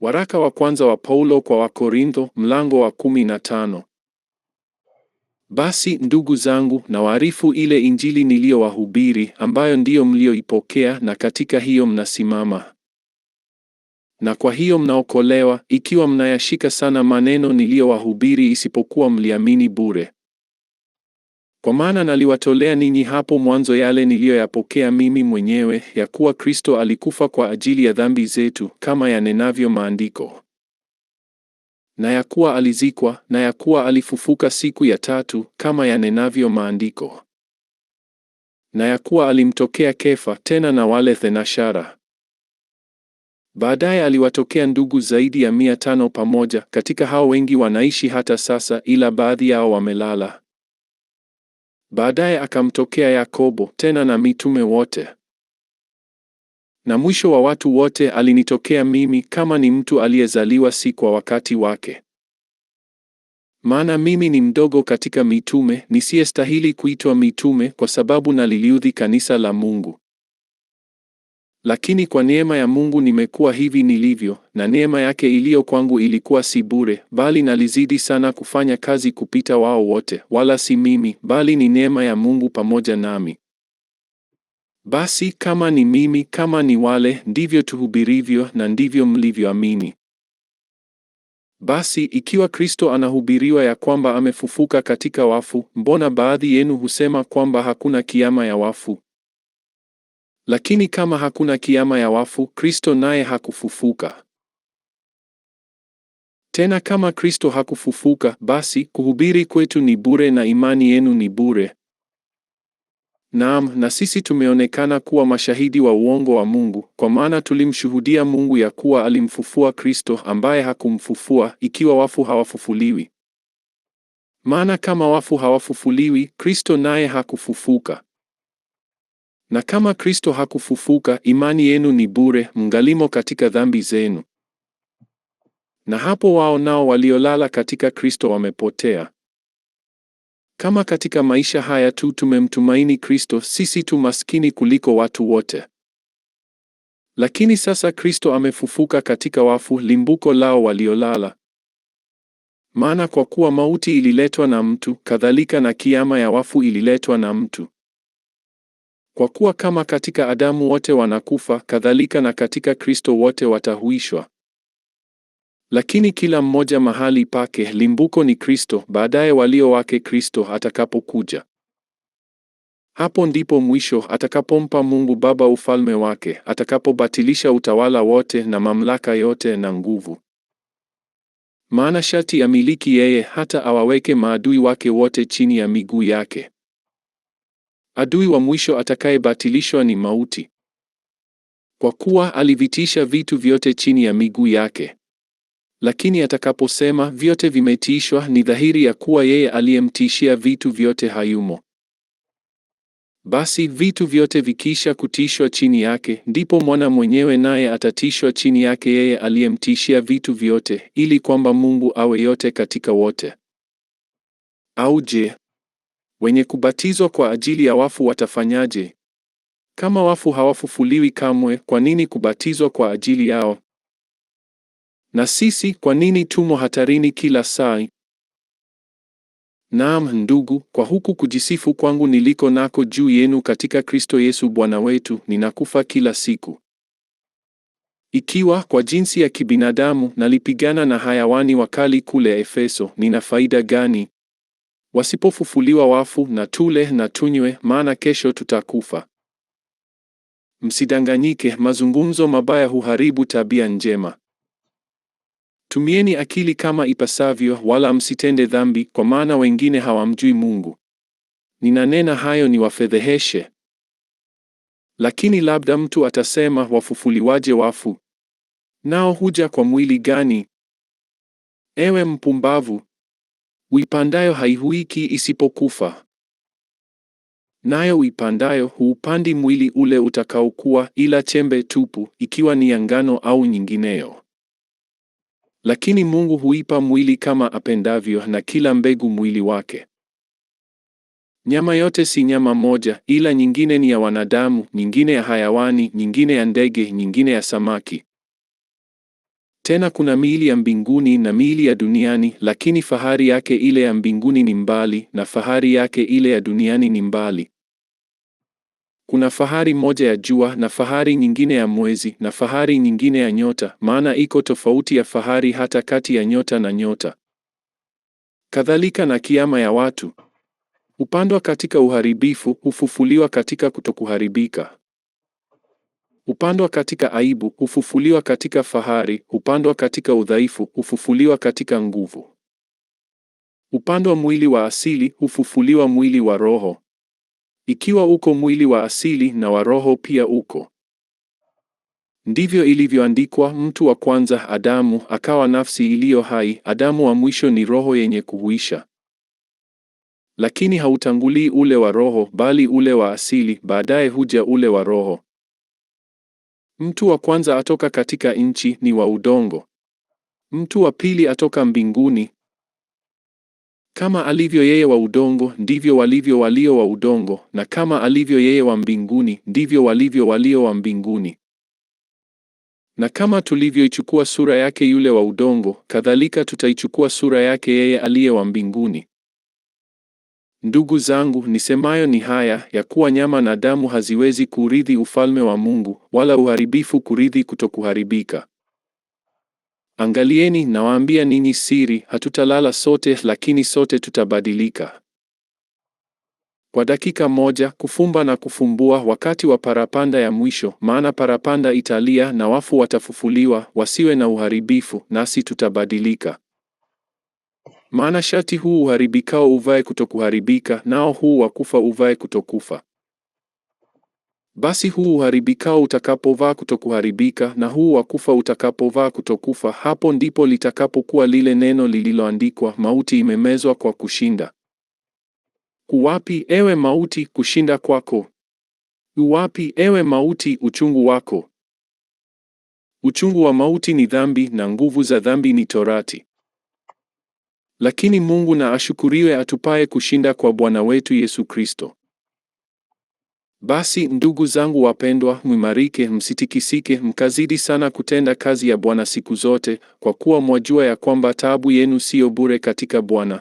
Waraka wa kwanza wa Paulo kwa Wakorintho mlango wa kumi na tano. Basi ndugu zangu, nawaarifu ile injili niliyowahubiri, ambayo ndiyo mliyoipokea, na katika hiyo mnasimama, na kwa hiyo mnaokolewa, ikiwa mnayashika sana maneno niliyowahubiri, isipokuwa mliamini bure. Kwa maana naliwatolea ninyi hapo mwanzo yale niliyoyapokea mimi mwenyewe, ya kuwa Kristo alikufa kwa ajili ya dhambi zetu, kama yanenavyo Maandiko, na ya kuwa alizikwa, na ya kuwa alifufuka siku ya tatu, kama yanenavyo Maandiko, na ya kuwa alimtokea Kefa, tena na wale thenashara. Baadaye aliwatokea ndugu zaidi ya mia tano pamoja; katika hao wengi wanaishi hata sasa, ila baadhi yao wamelala. Baadaye akamtokea Yakobo tena na mitume wote. Na mwisho wa watu wote alinitokea mimi kama ni mtu aliyezaliwa si kwa wakati wake. Maana mimi ni mdogo katika mitume, nisiyestahili kuitwa mitume kwa sababu naliliudhi kanisa la Mungu. Lakini kwa neema ya Mungu nimekuwa hivi nilivyo, na neema yake iliyo kwangu ilikuwa si bure, bali nalizidi sana kufanya kazi kupita wao wote, wala si mimi, bali ni neema ya Mungu pamoja nami. Basi kama ni mimi, kama ni wale, ndivyo tuhubirivyo na ndivyo mlivyoamini. Basi ikiwa Kristo anahubiriwa ya kwamba amefufuka katika wafu, mbona baadhi yenu husema kwamba hakuna kiama ya wafu? Lakini kama hakuna kiama ya wafu, Kristo naye hakufufuka. Tena kama Kristo hakufufuka, basi kuhubiri kwetu ni bure na imani yenu ni bure. Naam, na sisi tumeonekana kuwa mashahidi wa uongo wa Mungu, kwa maana tulimshuhudia Mungu ya kuwa alimfufua Kristo ambaye hakumfufua, ikiwa wafu hawafufuliwi. Maana kama wafu hawafufuliwi, Kristo naye hakufufuka. Na kama Kristo hakufufuka, imani yenu ni bure, mngalimo katika dhambi zenu. Na hapo wao nao waliolala katika Kristo wamepotea. Kama katika maisha haya tu tumemtumaini Kristo, sisi tu maskini kuliko watu wote. Lakini sasa Kristo amefufuka katika wafu, limbuko lao waliolala. Maana kwa kuwa mauti ililetwa na mtu, kadhalika na kiama ya wafu ililetwa na mtu. Kwa kuwa kama katika Adamu wote wanakufa, kadhalika na katika Kristo wote watahuishwa. Lakini kila mmoja mahali pake, limbuko ni Kristo, baadaye walio wake Kristo atakapokuja. Hapo ndipo mwisho, atakapompa Mungu Baba ufalme wake, atakapobatilisha utawala wote na mamlaka yote na nguvu. Maana ya amiliki yeye, hata awaweke maadui wake wote chini ya miguu yake. Adui wa mwisho atakayebatilishwa ni mauti, kwa kuwa alivitisha vitu vyote chini ya miguu yake. Lakini atakaposema vyote vimetiishwa, ni dhahiri ya kuwa yeye aliyemtishia vitu vyote hayumo. Basi vitu vyote vikiisha kutishwa chini yake, ndipo mwana mwenyewe naye atatishwa chini yake yeye aliyemtishia vitu vyote, ili kwamba Mungu awe yote katika wote. Au je, Wenye kubatizwa kwa ajili ya wafu watafanyaje? Kama wafu hawafufuliwi kamwe, kwa nini kubatizwa kwa ajili yao? Na sisi kwa nini tumo hatarini kila saa? Naam ndugu, kwa huku kujisifu kwangu niliko nako juu yenu katika Kristo Yesu Bwana wetu, ninakufa kila siku. Ikiwa kwa jinsi ya kibinadamu nalipigana na hayawani wakali kule Efeso, nina faida gani? wasipofufuliwa wafu, na tule na tunywe, maana kesho tutakufa. Msidanganyike, mazungumzo mabaya huharibu tabia njema. Tumieni akili kama ipasavyo, wala msitende dhambi, kwa maana wengine hawamjui Mungu. Ninanena hayo niwafedheheshe. Lakini labda mtu atasema, wafufuliwaje wafu? Nao huja kwa mwili gani? Ewe mpumbavu! Uipandayo haihuiki isipokufa. Nayo uipandayo huupandi mwili ule utakaokuwa, ila chembe tupu, ikiwa ni ya ngano au nyingineyo. Lakini Mungu huipa mwili kama apendavyo, na kila mbegu mwili wake. Nyama yote si nyama moja, ila nyingine ni ya wanadamu, nyingine ya hayawani, nyingine ya ndege, nyingine ya samaki. Tena kuna miili ya mbinguni na miili ya duniani, lakini fahari yake ile ya mbinguni ni mbali, na fahari yake ile ya duniani ni mbali. Kuna fahari moja ya jua na fahari nyingine ya mwezi na fahari nyingine ya nyota, maana iko tofauti ya fahari hata kati ya nyota na nyota. Kadhalika na kiama ya watu hupandwa katika uharibifu, hufufuliwa katika kutokuharibika hupandwa katika aibu, hufufuliwa katika fahari, hupandwa katika udhaifu, hufufuliwa katika nguvu. Hupandwa mwili wa asili, hufufuliwa mwili wa roho. Ikiwa uko mwili wa asili na wa roho pia uko. Ndivyo ilivyoandikwa, mtu wa kwanza Adamu akawa nafsi iliyo hai, Adamu wa mwisho ni roho yenye kuhuisha. Lakini hautangulii ule wa roho, bali ule wa asili; baadaye huja ule wa roho. Mtu wa kwanza atoka katika nchi, ni wa udongo. Mtu wa pili atoka mbinguni. Kama alivyo yeye wa udongo, ndivyo walivyo walio wa udongo, na kama alivyo yeye wa mbinguni, ndivyo walivyo walio wa mbinguni. Na kama tulivyoichukua sura yake yule wa udongo, kadhalika tutaichukua sura yake yeye aliye wa mbinguni. Ndugu zangu, nisemayo ni haya, ya kuwa nyama na damu haziwezi kurithi ufalme wa Mungu, wala uharibifu kurithi kutokuharibika. Angalieni, nawaambia ninyi siri, hatutalala sote, lakini sote tutabadilika. Kwa dakika moja, kufumba na kufumbua, wakati wa parapanda ya mwisho. Maana parapanda italia, na wafu watafufuliwa, wasiwe na uharibifu, nasi tutabadilika. Maana shati huu uharibikao uvae kutokuharibika, nao huu wakufa uvae kutokufa. Basi huu uharibikao utakapovaa kutokuharibika, na huu wakufa utakapovaa kutokufa, hapo ndipo litakapokuwa lile neno lililoandikwa, mauti imemezwa kwa kushinda. Kuwapi ewe mauti kushinda kwako? Uwapi ewe mauti uchungu wako? Uchungu wa mauti ni dhambi, na nguvu za dhambi ni torati. Lakini Mungu na ashukuriwe atupaye kushinda kwa Bwana wetu Yesu Kristo. Basi ndugu zangu wapendwa, mwimarike, msitikisike, mkazidi sana kutenda kazi ya Bwana siku zote, kwa kuwa mwajua ya kwamba taabu yenu siyo bure katika Bwana.